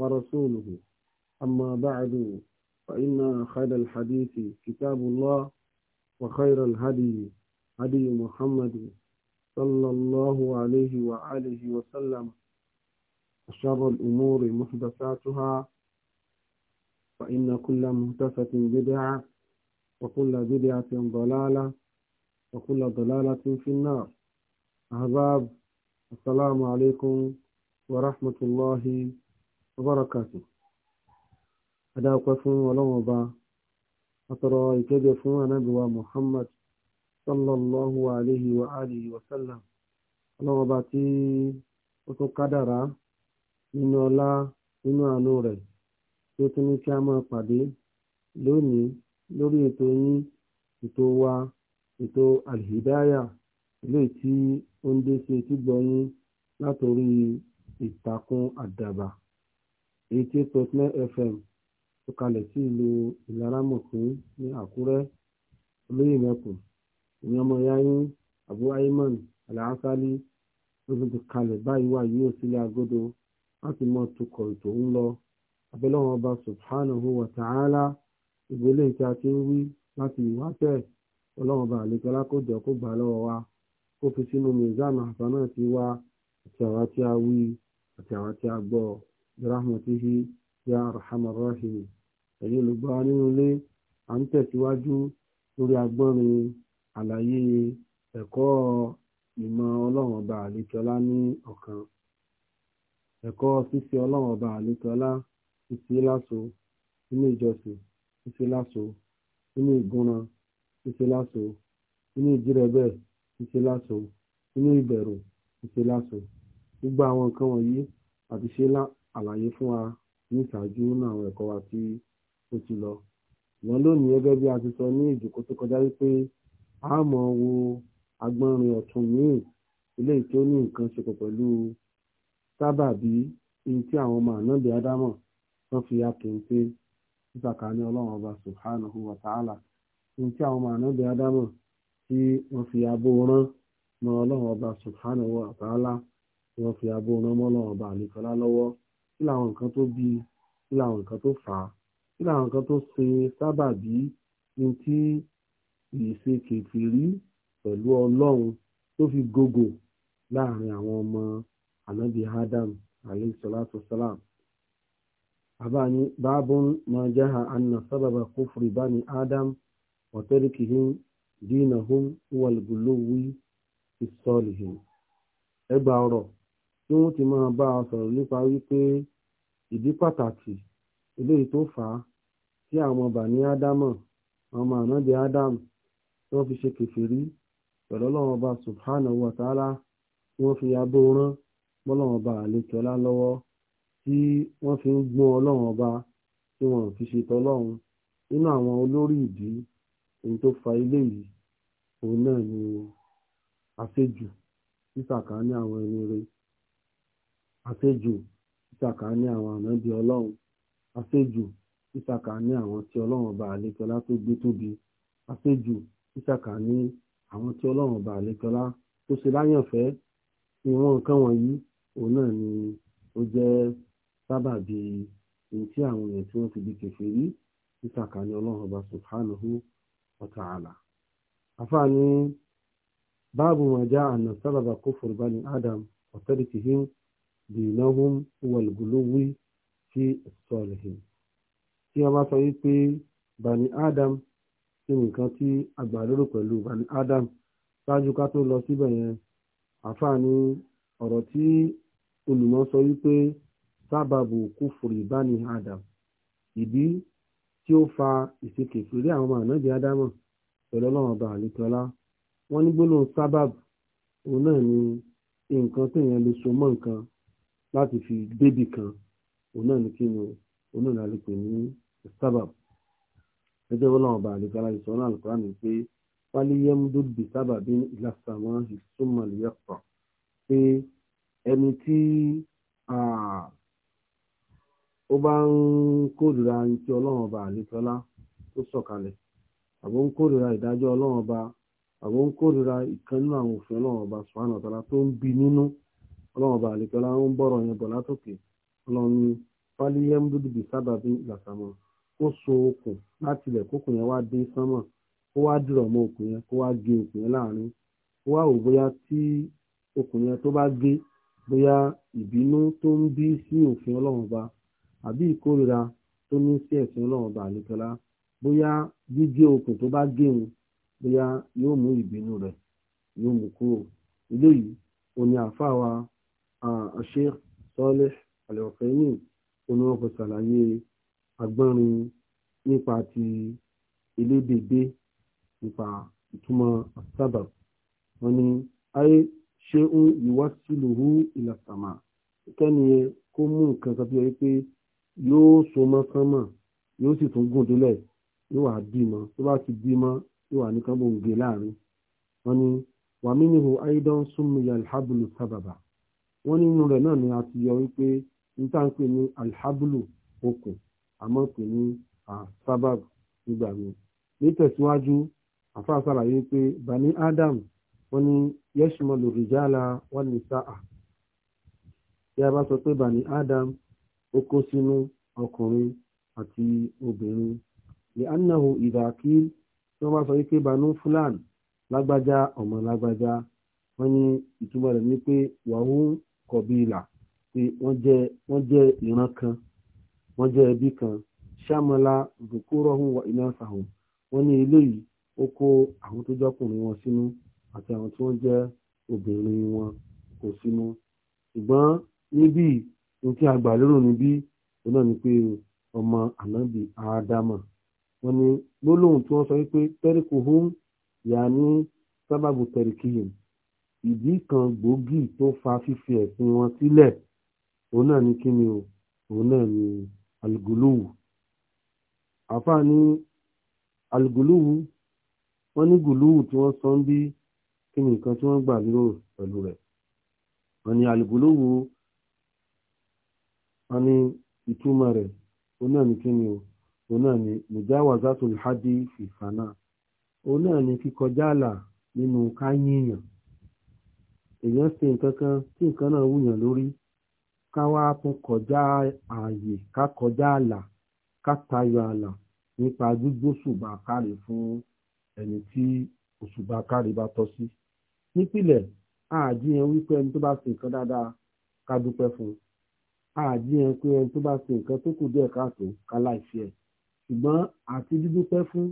ورسوله أما بعد فإن خير الحديث كتاب الله وخير الهدي هدي محمد صلى الله عليه وآله وسلم وشر الأمور محدثاتها فإن كل مهتفة بدعة وكل بدعة ضلالة وكل ضلالة في النار أهباب السلام عليكم ورحمة الله wabarakatu adáwọ̀pẹ́ fún ọlọ́run ọba àtọ̀rọ̀ ìkẹ́jẹ fún anábìwa muhammad sallallahu alayhi wa alihi wa sallam ọlọ́run ọba tí ó tún kádàrá nínú ọlá nínú àánú rẹ̀ tí ó tún ní kí a máa pàdé lónìí lórí ètò yín ètò wa ètò alhidaya eléyìí tí ó ń dé sí etí gbọ̀nyín látòrí ìtàkùn àdàbà eighty eight point nine fm tó kalẹ̀ sí ìlú ìlaramọ̀kún ní àkúrẹ́ olóyè mẹ́kùn ìyẹn ọmọ yáyín abu ayman alaasali ló ti kalẹ̀ báyìí wà yóò sílé agodo láti mọ tukọ̀ ètò ń lọ abẹ́lẹ́wọ̀n ọba subhanahu wa ta'ala ìgbélé ìta tí ń wí láti ìwáṣẹ̀ ọlọ́run ọba àlejò alákòjọ kó gbà lọ́wọ́ wa kó fi sínú mizan àfáàná ti wá àti àwa tí a wí àti àwa tí a gbọ́ ọ birahmatihi ya arhamar rahimin ẹ̀yin olùgbọ́ nínú ilé à ń tẹ̀síwájú lórí agbọ́nrin àlàyé ẹ̀kọ́ ìmọ̀ ọlọ́run ọba àlékiọlá ní ọ̀kan ẹ̀kọ́ ṣíṣe ọlọ́run ọba àlékiọlá ṣíṣe láṣo nínú ìjọsìn ṣíṣe láṣo nínú ìgúnran ṣíṣe láṣo nínú ìjírẹ̀bẹ̀ ṣíṣe láṣo nínú ìbẹ̀rù ṣíṣe láṣo gbogbo àwọn nǹkan wọ̀nyí àti ṣe àlàyé fún wa ní ìṣáájú ní àwọn ẹ̀kọ́ wa tí ó ti lọ wọn lónìí gẹ́gẹ́ bí a ti sọ ní ìjòkó tó kọjá wípé a mọ̀ wo agbọ́nrin ọ̀tún míì ilé tí ó ní nǹkan ṣe pẹ̀lú sábàbí ní tí àwọn ọmọ ànábì ádámọ̀ tó fi akéńté ní ọlọ́run ọba tí àwọn ọmọ ànábì ádámọ̀ tí wọ́n fi abó kí làwọn nǹkan tó bí kí làwọn nǹkan tó fà á kí làwọn nǹkan tó ṣe sábàbí ní tí ìṣe kèfèrí pẹ̀lú ọlọ́run tó fi gògò láàrin àwọn ọmọ anabi adam alayhi salatu salam abani babun ma anna sababa kufri bani adam wa tarkihim dinahum wal ẹgbàá ọ̀rọ̀ tí wọ́n ti máa bá a sọ̀rọ̀ nípa wípé ìdí pàtàkì eléyìí tó fà á tí àwọn ọmọ bàní ádámọ àwọn ọmọ ànájẹ ádámù tí wọ́n fi ṣe kèfèrí pẹ̀lú ọlọ́run ọba subhanahu wa ta'ala tí wọ́n fi abó rán mọ́lọ́run ọba àlejò ọlá lọ́wọ́ tí wọ́n fi ń gbọ́n ọlọ́run ọba tí wọ́n fi ṣe tọlọ́run nínú àwọn olórí ìdí èyí tó fa ilé yìí òun náà ni àṣejù sísàkà ní àwọn ẹni rẹ̀ àṣejù ìsàkà ní àwọn ànábì ọlọ́run àṣejù ìsàkà ní àwọn tí ọlọ́run ọba àlejọlá tó gbé tóbi àṣejù ìsàkà ní àwọn tí ọlọ́run ọba àlejọlá tó ṣe láyànfẹ́ ìwọ̀n nǹkan wọ̀nyí òun náà ni ó jẹ́ sábàbí èyí tí àwọn èèyàn tí wọ́n ti di kèfèrí ìsàkà ní ọlọ́run ọba subhanahu wa ta'ala àfààní báàbù màjá àná sábàbà kófòrò bá ní Adam ọ̀tẹ́rìkì dìnnàhùn wọlgùlówì sí sọlìhìn tí a bá sọ wípé bani adam ṣe nǹkan tí àgbàlérò pẹ̀lú bani adam ṣáájú ká tó lọ síbẹ̀ yẹn àfààní ọ̀rọ̀ tí olùmọ̀ sọ wípé sábàbù kúfùrì bani adam ìdí tí ó fa ìṣekèfèrè àwọn ọmọ ànábì ádámọ̀ pẹ̀lú ọlọ́run ọba àlékọ́lá wọ́n ní gbólóhùn sábàbù òun náà ni nǹkan téèyàn lè so mọ́ nǹkan láti fi débì kan òun náà ní kí ni òun náà lè pè ní sábàb ẹjẹ wọn làwọn ọba àlejò aláìsọ náà lùkọ́ àná pé wálé yẹmúdó bì sábàbí ìlàsàmọ́ ìsúnmọ̀lẹ́yẹpọ̀ pé ẹni tí ó bá ń kórìíra ní ti ọlọ́run ọba àlejòlá tó sọ̀kalẹ̀ àbó ń kórìíra ìdájọ́ ọlọ́run ọba àbó ń kórìíra ìkan nínú àwọn òfin ọlọ́run ọba sùhánà ọ̀tàlá tó ń bi nínú ọlọ́run ọba àlekọ́lá ń bọ̀rọ̀ yẹn bọ̀ látòkè ọlọ́run fálíyẹ́múdúdú bíi sábàbí làsàmọ́ ó so okùn láti ilẹ̀ kókùn yẹn wá dé sánmọ̀ kó wá dìrọ̀ mọ́ okùn yẹn kó wá gé okùn yẹn láàrin kó wá wò bóyá tí okùn yẹn tó bá gé bóyá ìbínú tó ń bí sí òfin ọlọ́run ọba àbí ìkórira tó ní sí ẹ̀sìn ọlọ́run ọba àlekọ́lá bóyá gígé okùn tó bá gé òun bóyá yóò mú ìbínú rẹ̀ yóò mú kúrò eléyìí òní àfáà wa Sheikh Salih Al-Uthaymin oníwọ̀n kò ṣàlàyé agbọ́nrin nípa ti elédèdé nípa ìtumọ̀ sábàb wọn ni ayé ṣé ń ìwá sílùú ìlàsàmà kẹ́ni kó mú nǹkan kan tó yẹ pé yóò so mọ́ sánmà yóò sì tún gùn délẹ̀ yóò wá bímọ tó bá ti bímọ yóò wá ní kánbó láàrin wọn ni wàmínú aidan súnmù yalhabulu sábàbà wọ́n nínú rẹ̀ náà ni a ti yọ wípé n tá n pè ní alhablu okùn àmọ́ pè ní sábàb nígbà míì nítẹ̀síwájú àfa ṣàlàyé pé bani adam wọ́n ní yashmalu rijala wan nisaa tí a bá sọ pé bani adam ó kó sínú ọkùnrin àti obìnrin lè annahu ìdàkíl tí wọ́n bá sọ wípé banu fulan lágbájá ọmọ lágbájá wọ́n ní ìtumọ̀ rẹ̀ ní pé wàhún kọ̀bílà pé wọ́n jẹ́ wọ́n jẹ́ ìran kan wọ́n jẹ́ ẹbí kan ṣàmọ́lá zùkúrọ̀hún wà iná sàhùn wọ́n ní eléyìí ó kó àwọn tó jọ́kùnrin wọn sínú àti àwọn tí wọ́n jẹ́ obìnrin wọn kò sínú ṣùgbọ́n níbí nǹkan níbí ni pé ọmọ ànábì ádámà wọ́n ní gbólóhùn tí wọ́n sọ wípé tẹ́ríkù hún yà ní ìdí kan gbòógì tó fa fífi ẹ̀sìn wọn sílẹ̀ òun náà ni kíni o òun náà ni aluguluwu àfa ní aluguluwu wọ́n ní gùlúwù tí wọ́n sọ ń bí kíni nǹkan tí wọ́n gbà lérò pẹ̀lú rẹ̀ wọ́n ní aluguluwu wọ́n ní ìtumọ̀ rẹ̀ òun náà ni kíni o òun náà ni mujawazatul hadi fìfànà òun náà ni kíkọjá àlà nínú káyíyàn èèyàn ṣe nǹkan kan tí nǹkan náà wúyàn lórí ká wá tún kọjá ààyè ká kọjá ààlà ká tayọ ààlà nípa gbígbó ṣùgbà káre fún ẹni tí òṣùbà káre bá tọ́ sí. nípìnlẹ̀ àjíyàn wípé ẹni tó bá ṣe nǹkan dáadáa ká dúpẹ́ fún un àjíyàn pé ẹni tó bá ṣe nǹkan tó kù díẹ̀ káàtó ká láìsí ẹ̀ ṣùgbọ́n àti dídúpẹ́ fún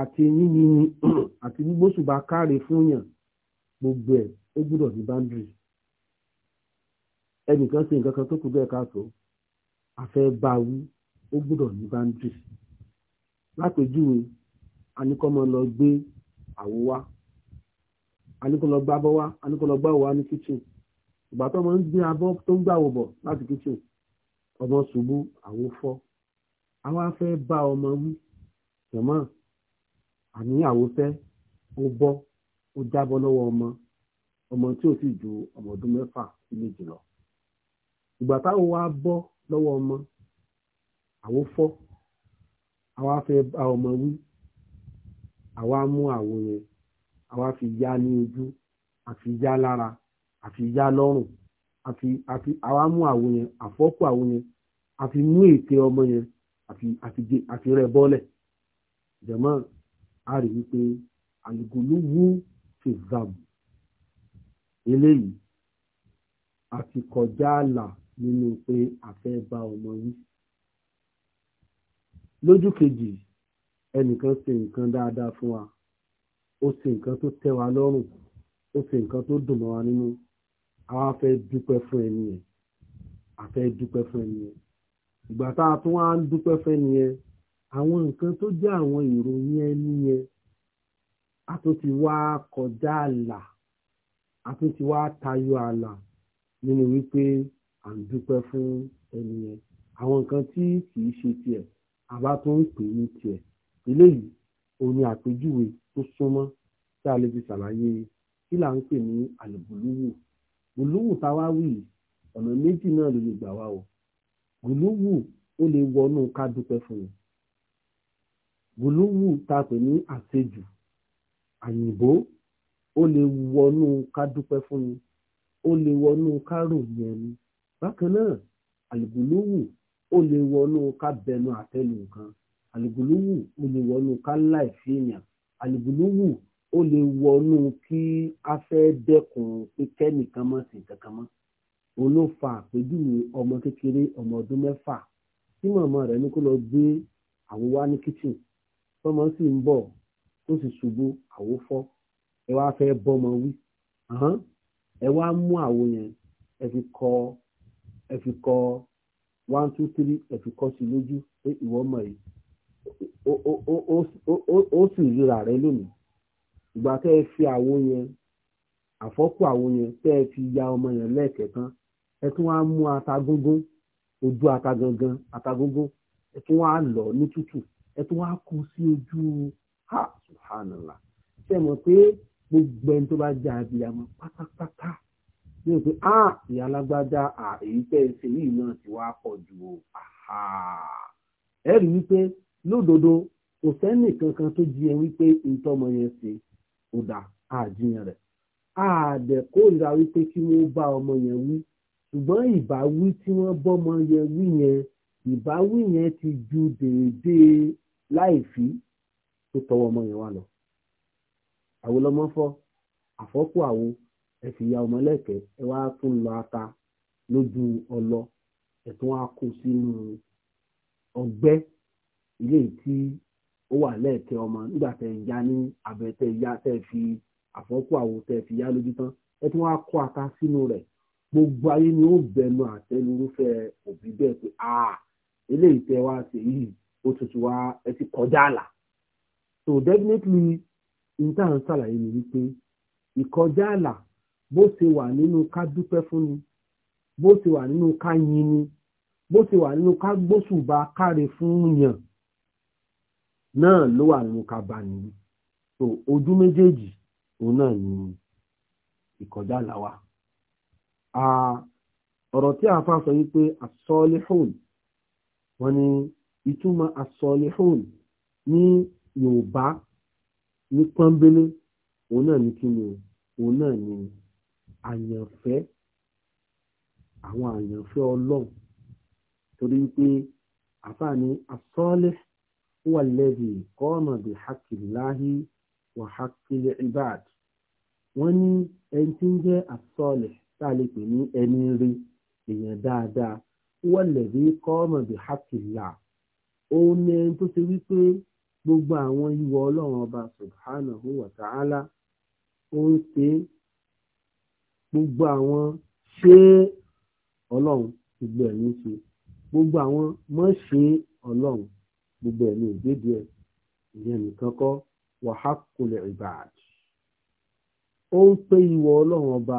àti yíyí àti gbígbó ṣùgbà káre fún yàn gbogbo ẹ̀ ó gbúdọ̀ ní boundary ẹnìkan ṣe nǹkan kan tó kù bẹ́ẹ̀ káàtó àfẹ́ bá wí ó gbúdọ̀ ní boundary lápèjúwe anikọ́mọ lọ gbé àwo wá anikọ́lọ gbá abọ́ wá anikọ́lọ gbá òwò wá ní kitchen ìgbà tó ọmọ ń gbé abọ́ tó ń gbàwò bọ̀ láti kitchen ọmọ ṣubú àwo fọ́ àwa fẹ́ bá ọmọ wí tẹ̀mọ́ àní fẹ́ ó bọ́ ó jábọ́ lọ́wọ́ ọmọ ọmọ tí o sì ju ọmọ ọdún mẹ́fà sí méjì lọ ìgbà táwọn wá bọ́ lọ́wọ́ ọmọ àwọn fọ́ àwa fẹ́ bá ọmọ wí àwa mú àwo yẹn àwa fi yá ní ojú àfi yá lára àfi yá lọ́rùn àfi àfi àwa mú àwo yẹn àfọ́kù àwo yẹn àfi mú ète ọmọ yẹn àfi àfi gé àfi rẹ̀ bọ́lẹ̀ jẹ̀mọ́ a rí wípé àlùkò ló wú fi zàmù eléyìí àti kọjá àlà nínú pé a fẹ́ bá ọmọ wí. lójú kejì ẹnìkan ṣe nǹkan dáadáa fún wa ó ṣe nǹkan tó tẹ́ wa lọ́rùn ó ṣe nǹkan tó dùn mọ́ wa nínú àwa fẹ́ dúpẹ́ fún ẹni yẹn a fẹ́ fún ẹni yẹn ìgbà tá a tún wá ń dúpẹ́ fún ẹni yẹn àwọn nǹkan tó jẹ́ àwọn ìròyìn ẹni yẹn a tó ti wá kọjá àlà àtún ti wá tayọ ààlà nínú wípé à ń dúpẹ́ fún ẹni yẹn àwọn nǹkan tí kì ṣe tiẹ̀ àbá tó ń pè ní tiẹ̀ eléyìí òun ni àpèjúwe tó súnmọ́ tí a lè fi ṣàlàyé kí là ń pè ní àlùbùlùwù bùlùwù tá a wá wì ọ̀nà méjì náà ló lè gbà wá o bùlùwù ó lè wọnú ká dúpẹ́ fún un bùlùwù tá a pè ní àṣejù àyìnbó ó lè wọnú ká dúpẹ́ fún ni ó lè wọnú ká ròyìn ẹni bákan náà àlùgùlówù ó lè wọnú ká bẹnu àtẹnu nǹkan àlùgùlówù ó lè wọnú ká láìsí èèyàn àlùgùlówù ó lè wọnú kí a fẹ́ dẹ́kun pé kẹ́nìkan mọ̀ sí kankan mọ́ òun ló fa àpèjúwe ọmọ kékeré ọmọ ọdún mẹ́fà tí màmá rẹ̀ ní kó lọ gbé àwo ní kíchìn tọmọ sì ń bọ̀ tó sì ṣubú àwo ẹ wá fẹ́ bọ́mọ wí ẹ wá mú àwo yẹn ẹ fi kọ ẹ fi kọ one two three ẹ fi kọ sí lójú pé ìwọ mọ̀ yìí ó sì ríra rẹ lónìí ìgbà tẹ́ ẹ fi àwo yẹn àfọ́kù àwo yẹn tẹ́ ẹ fi ya ọmọ yẹn lẹ́ẹ̀kẹ̀kan ẹ tún wá mú ata gúngún ojú ata gangan ata gúngún ẹ tún wá lọ ní tútù ẹ tún wá kú sí ojú ha subhanallah ṣe mọ̀ pé gbogbo ẹni tó bá já abiyamọ pátápátá ní o pé a ìyá alágbádá à èyí tẹ́ ẹ ṣe yìí náà ti wá pọ̀ jù o ẹ rí wípé lódodo kò sẹ́nì kankan tó jí ẹ wípé ìtọ́mọ yẹn ṣe kò dà àjíyàn rẹ̀ àdẹ̀ kórìíra wípé kí wọ́n bá ọmọ yẹn wí ṣùgbọ́n ìbáwí tí wọ́n bọ́mọ yẹn wí yẹn ìbáwí yẹn ti ju déédéé láìfí tó tọwọ́ ọmọ yẹn wá lọ àwo lọ́mọ fọ́ àfọ́kù àwo ẹ fi ya ọmọlẹ́kẹ̀ ẹ wá tún lọ ata lójú ọlọ ẹ tún wá kó sínú ọgbẹ́ ilé tí ó wà lẹ́ẹ̀kẹ́ ọmọ nígbà tẹ̀ ń ya ní abẹ tẹ̀ ya tẹ̀ fi àfọ́kù àwo tẹ̀ fi ya lójú tán ẹ wá kó ata sínú rẹ̀ gbogbo ayé ni ó bẹnu àtẹnu irúfẹ́ òbí bẹ́ẹ̀ pé eléyìí tẹ wá ṣe yìí ó tuntun wá ẹ ti kọjá àlà so definitely níta ń ṣàlàyé ni wípé ìkọjá àlà bó ṣe wà nínú ká dúpẹ́ fún ni bó ṣe wà nínú ká yin ni bó ṣe wà nínú ká gbóṣùbà káre fún yàn náà ló wà nínú ká bá nìyí so ojú méjèèjì òun náà ni ìkọjá àlà wa ọ̀rọ̀ tí àáfà sọ wípé asọ́líhùn wọ́n ní ìtumọ̀ asọ́líhùn ní Yorùbá ní pọ́nbélé òun náà ní kíni o òun náà ní àyànfẹ́ àwọn àyànfẹ́ ọlọ́run torí wípé àfààní asọ́ọ́lẹ̀ wà lẹ́bi kọ́ọ̀nà bí hakiláhi wà hakilẹ̀ ibad wọ́n ní ẹni tí ń jẹ́ asọ́ọ́lẹ̀ tá a lè pè ní ẹni rí èèyàn dáadáa wà lẹ́bi kọ́ọ̀nà bí hakilá òun ni ẹni tó ṣe wípé gbogbo àwọn ìwọ ọlọ́run ọba subhanahu wa ta'ala ó ń ṣe gbogbo àwọn ṣé ọlọ́run gbogbo ẹ̀ ló ṣe gbogbo àwọn mọ̀ ṣe ọlọ́run gbogbo ẹ̀ ló dédé ẹ̀ ìyẹn nìkan kọ́ wa haqqul ibad ó ń pé ìwọ ọlọ́run ọba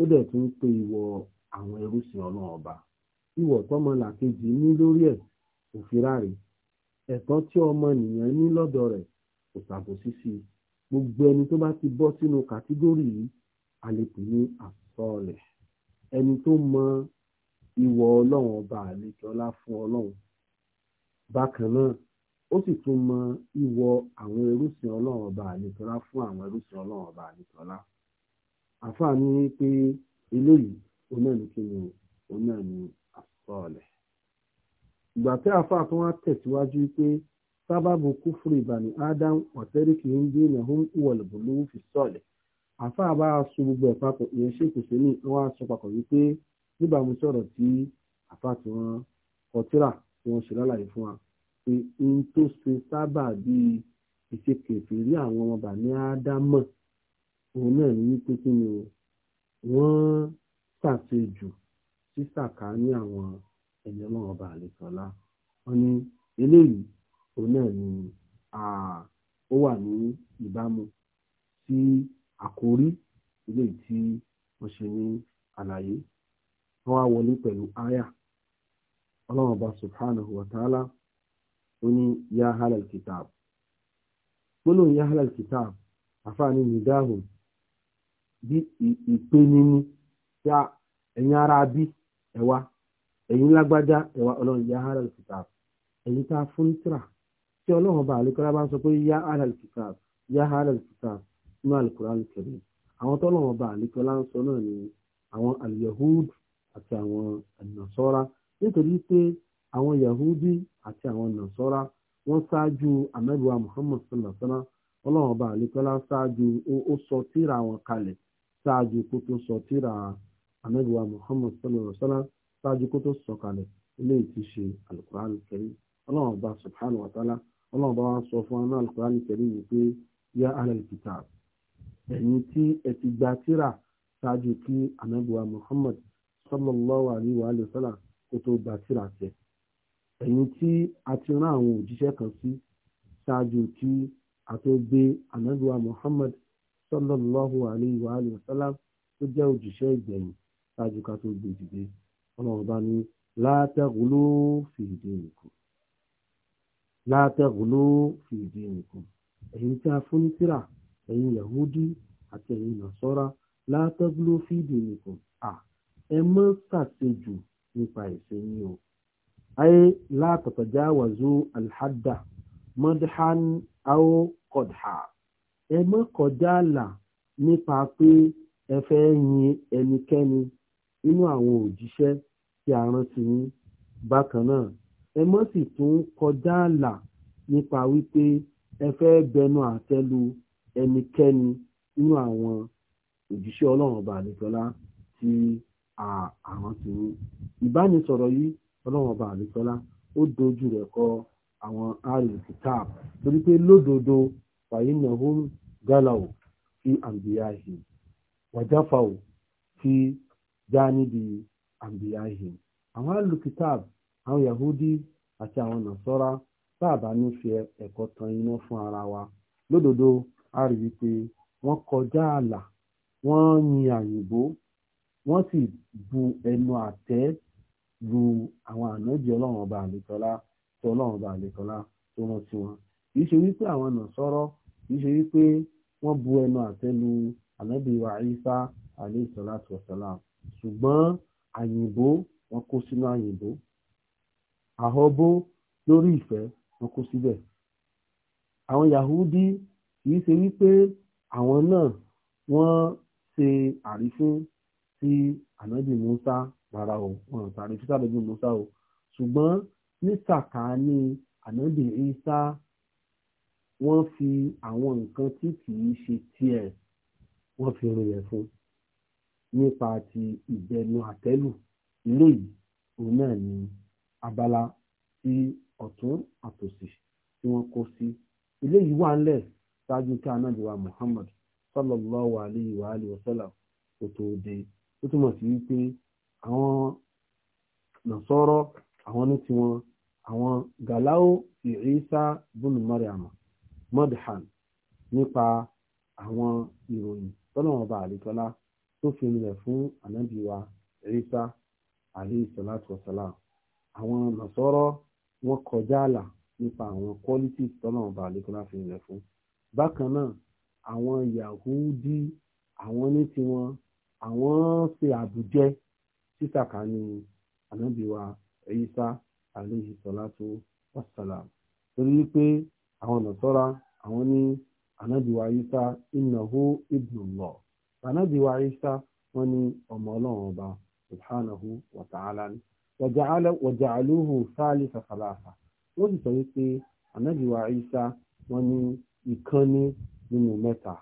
ó dẹ̀ tún ń pé ìwọ àwọn ẹrúsìn ọlọ́run ọba ìwọ tọ́mọlàkejì ní lórí ẹ̀ òfin ráre ẹ̀tọ́ tí ọmọnìyàn ní lọ́dọ̀ rẹ̀ kò ṣàbòsí sí i gbogbo ẹni tó bá ti bọ́ sínú kàtígórì yìí a lè pè ní àsọọlẹ̀ ẹni tó mọ ìwọ ọlọ́run ọba àlejòọlá fún ọlọ́run bákan náà ó sì tún mọ ìwọ àwọn ẹrúsìn ọlọ́run ọba àlejòọlá fún àwọn ẹrúsìn ọlọ́run ọba àlejòọlá àfààní pé eléyìí onáà ní kí ni onáà ní àsọọlẹ̀ ìgbà tí àáfàá tó wá tẹ̀síwájú pé sábàbù kúfúrú ìbàní ádámù ọ̀tẹ́ríkì ń gbé ìnáwó wọ̀lùbù lówó fi sọ̀lẹ̀ àáfàá bá a so gbogbo ẹ̀ papọ̀ ìyẹn ṣe kò sí ní wọ́n á sọ papọ̀ wípé níbàámu sọ̀rọ̀ tí àáfàá tí wọ́n kọtíra tí wọ́n ṣe lálàyé fún wa pé n tó ṣe sábà bíi ìṣekèfé rí àwọn ọmọ bàní ádámù òun náà ní wípé kí ni wọ́n ṣàṣejù sísàkà ní àwọn ẹni ọlọ́run ọba àlekọ̀ọ́lá wọn ní eléyìí òun náà ni ó wà ní ìbámu sí àkórí eléyìí tí wọ́n ṣe ní àlàyé wọ́n wá wọlé pẹ̀lú aya ọlọ́run ọba subhanahu wa ta'ala ó ní ya halal kitab gbólóhùn ya halal kitab àfààní nìdáhùn bí ìpéni ní ẹ̀yin ara bí ẹ̀wá ẹ̀yin lágbájá ẹ̀wà ọlọ́run ya ahlal kitab ẹ̀yin tá a fún tíra tí ọlọ́run ọba àlékọ́lá bá ń sọ pé ya ahlal kitab ya ahlal kitab nínú al-Qur'an àwọn tọ́lọ́run ọba àlékọ́lá ń sọ náà ni àwọn al-Yahud àti àwọn an-Nasara nítorí pé àwọn Yahudi àti àwọn Nasara wọ́n ṣáájú amẹ́lùwà Muhammad sallallahu alaihi wasallam ọlọ́run ọba àlékọ́lá ṣáájú ó sọ tíra wọn kalẹ̀ ṣáájú kó tó sọ tíra amẹ́lùwà Muhammad sallallahu alaihi wasallam ṣáájú kó tó sọ̀kalẹ̀ eléyìí ti ṣe alukuran kẹrí ọlọ́run ọba subhanahu wa ta'ala ọlọ́run ọba wa sọ fún aná alukuran kẹrí yìí pé yá alẹ́ kìtà ẹ̀yin tí ẹ ti gba tírà ṣáájú kí anabiwa muhammad sallallahu alayhi wa sallam kó tó gba tírà tẹ ẹ̀yin tí a ti rán àwọn òjíṣẹ́ kan sí ṣáájú kí a tó gbé anabiwa muhammad sallallahu alayhi wa sallam tó jẹ́ òjíṣẹ́ ìgbẹ̀yìn ṣáájú ká tó gbé dìde ọlọ́run bá ní látẹ́gùló fìdí nìkan látẹ́gùló fìdí nìkan ẹ̀yin tí a fún tíra ẹ̀yin yahudi àti ẹ̀yin nasọ́ra látẹ́gùló fìdí nìkan à ẹ mọ́ ṣàṣejù nípa ẹ̀sìn yìí o ayé látọ̀tọ̀já wàzú alhada mọ́dhán aó kọ̀dà ẹ mọ́ kọjá àlà nípa pé ẹ fẹ́ yin ẹnikẹ́ni nínú àwọn òjíṣẹ́ tí a rán sí yín bákan náà ẹ mọ́ sì tún kọjá ààlà nípa wípé ẹ fẹ́ bẹnu àtẹ́ lu ẹnikẹ́ni nínú àwọn òjíṣẹ́ ọlọ́run ọba àlejòlá tí àwọn ti ní ìbánisọ̀rọ̀ yìí ọlọ́run ọba àlejòlá ó dojú rẹ̀ kọ àwọn alkitab torí pé lódodo fàyínàhùn gálàwò fi àǹbíyá yìí wàjáfàwò fi jáníbi àǹbíyáhìn àwọn alukitab àwọn yahudi àti àwọn nàṣọ́ra sáàbà ní fi ẹ̀kọ́ tan iná fún ara wa lódodo a rí wípé wọ́n kọjá ààlà wọ́n yin àyìnbó wọ́n sì bu ẹnu àtẹ́ lu àwọn ànábì ọlọ́run ọba àlejòlá tó ọlọ́run ọba àlejòlá tó rántí wọn kì í ṣe wípé àwọn nàṣọ́rọ́ kì í ṣe wípé wọ́n bu ẹnu àtẹ́ lu ànábì wa Ìsá alayhi salatu wa salam ṣùgbọ́n àyìnbó wọn kó sínú àyìnbó àhọ́bó lórí ìfẹ́ wọn kó síbẹ̀ àwọn Yahudi kìí ṣe wípé àwọn náà wọ́n ṣe àrífín sí ànábì Musa rárá o wọn ò sàrífín sí ànábì Musa o ṣùgbọ́n ní sàkáání ànábì Isa wọ́n fi àwọn nǹkan tí kìí ṣe tiẹ̀ wọ́n fi rin yẹn fún un nípa ti ìbẹnu àtẹ́lù ilé yìí òun náà ni abala tí ọ̀tún àtòsí tí wọ́n kó sí ilé yìí wà ńlẹ̀ ṣáájú kí anábìwá Muhammad sallallahu alayhi wa alayhi wa sallam kò tó dé ó túmọ̀ sí wípé àwọn nàṣọ́rọ́ àwọn ní tiwọn àwọn gàláwó ti Isa bùnú Mariama mọ́dìhàn nípa àwọn ìròyìn tọ́lọ́wọ́n bá àlejò tó fi rinlẹ̀ fún ànábì wa Ìsá alayhi salatu wasalam àwọn nàṣọ́rọ́ wọ́n kọjá àlà nípa àwọn quality tọ́lọ́run bá àlékúnlá fi rinlẹ̀ fún bákan náà àwọn Yahudi àwọn ní tiwọn àwọn ṣe àbùjẹ títàkà ní ànábì wa Ìsá alayhi salatu wasalam torí wípé àwọn nàṣọ́ra àwọn ní ànábì wa Ìsá innahu ibnullah ànábì wa Ìsá wọn ní ọmọ ọlọ́run ọba subhanahu wa ta'ala ni wàjàlúhù sáàlì sàfàlàfà wọ́n sì sọ wípé ànábì wa Ìsá wọn ní ìkànnì nínú mẹ́ta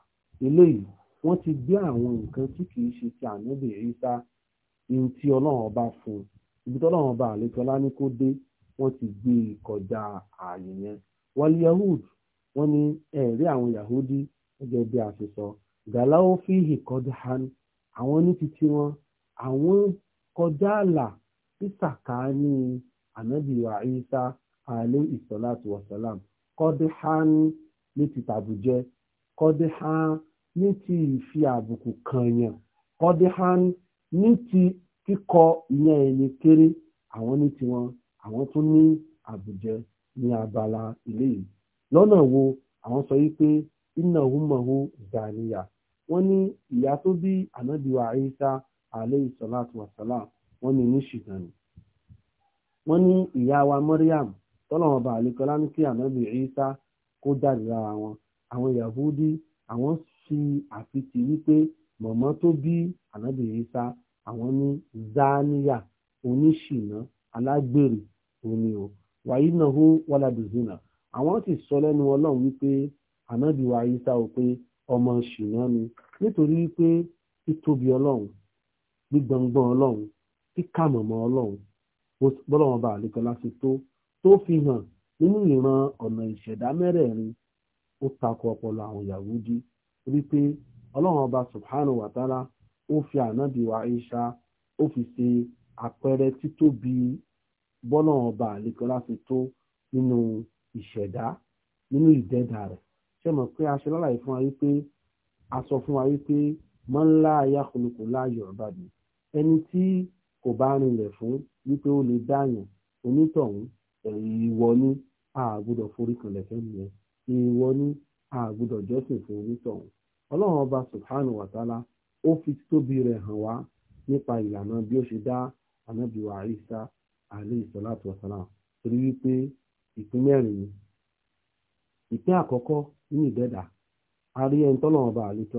eléyìí wọ́n ti gbé àwọn nǹkan tí kìí ṣe ti ànábì Ìsá ihun tí ọlọ́run ọba fún ibi tí ọlọ́run ọba àlejòlá ní kó ti gbé e kọjá ààyè yẹn wọ́n yahud wọ́n ní ẹ̀rí àwọn yahudi gẹ́gẹ́ bí a ṣe sọ gàláwó fíhì kọjá àwọn ní titi wọn àwọn kọjá àlà sísàkà ní ànábì wa Ìsá alẹ́ ìsọ̀láàtù wọ̀sálàm kọ́díhán ní ti tàbùjẹ kọ́díhán ní ti ìfi àbùkù kànyàn kọ́díhán ní ti kíkọ ìyẹn ẹni kéré àwọn ní tiwọn àwọn tún ní àbùjẹ ní abala ilé yìí lọ́nà wo àwọn sọ wípé iná òun mọ̀ ọ́ zàníyà wọ́n ní ìyá tó bí ànábìwá Ìsá alayhi salatu wassalam wọ́n ní ní ṣìgàn ni wọ́n ní ìyá wa Maryam tọ́lọ̀wọ̀n bá àlekọ́lá ní kí ànábì Ìsá kó jáde lára wọn àwọn Yahudi àwọn fi àfitì wípé mọ̀mọ́ tó bí ànábì Ìsá àwọn ní zaniya oníṣìnà alágbèrè òní o wàyí náà hó wàládùzínà àwọn sì sọ lẹ́nu ọlọ́run wípé ànábì wa o pé ọmọ ṣìnà ni nítorí wípé títóbi ọlọ́run gbígbọ̀ngbọ̀n ọlọ́run kíkàmọ̀mọ̀ ọlọ́run bọ́lọ́wọ́n bá àlékọ́lá ṣe tó tó fi hàn nínú ìran ọ̀nà ìṣẹ̀dá mẹ́rẹ̀ẹ̀rin ó takò ọpọlọ àwọn Yahudi wípé ọlọ́run ọba subhanahu wa ta'ala ó fi ànábì wa Aisha ó fi ṣe àpẹẹrẹ títóbi bọ́lọ́wọ́n ọba àlékọ́lá ṣe tó nínú ìṣẹ̀dá nínú ìdẹ́dà rẹ̀ ṣe mọ̀ pé aṣọ lálàyé fún wa wípé a sọ fún wa wípé mọ́nlá ayáhùnukù láàyò ọ̀bà ni ẹni tí kò bá rinlẹ̀ fún wípé ó lè dáyàn onítọ̀hún ìwọ ni a gbọ́dọ̀ forí kanlẹ̀ fẹ́niyẹn ìwọ ni a gbọ́dọ̀ jọ́sìn fún onítọ̀hún ọlọ́run ọba subhanahu wa ta'ala ó fi títóbi rẹ̀ hàn wá nípa ìlànà bí ó ṣe dá anábìwá àríṣà àlẹ́ ìsọ̀lá àti wàsálà torí wípé ìpín mẹ́rin ni ìpẹ́ àkọ́kọ́ nínú ìdẹ́dà a rí ẹni tọ́lọ́run ọba àlejò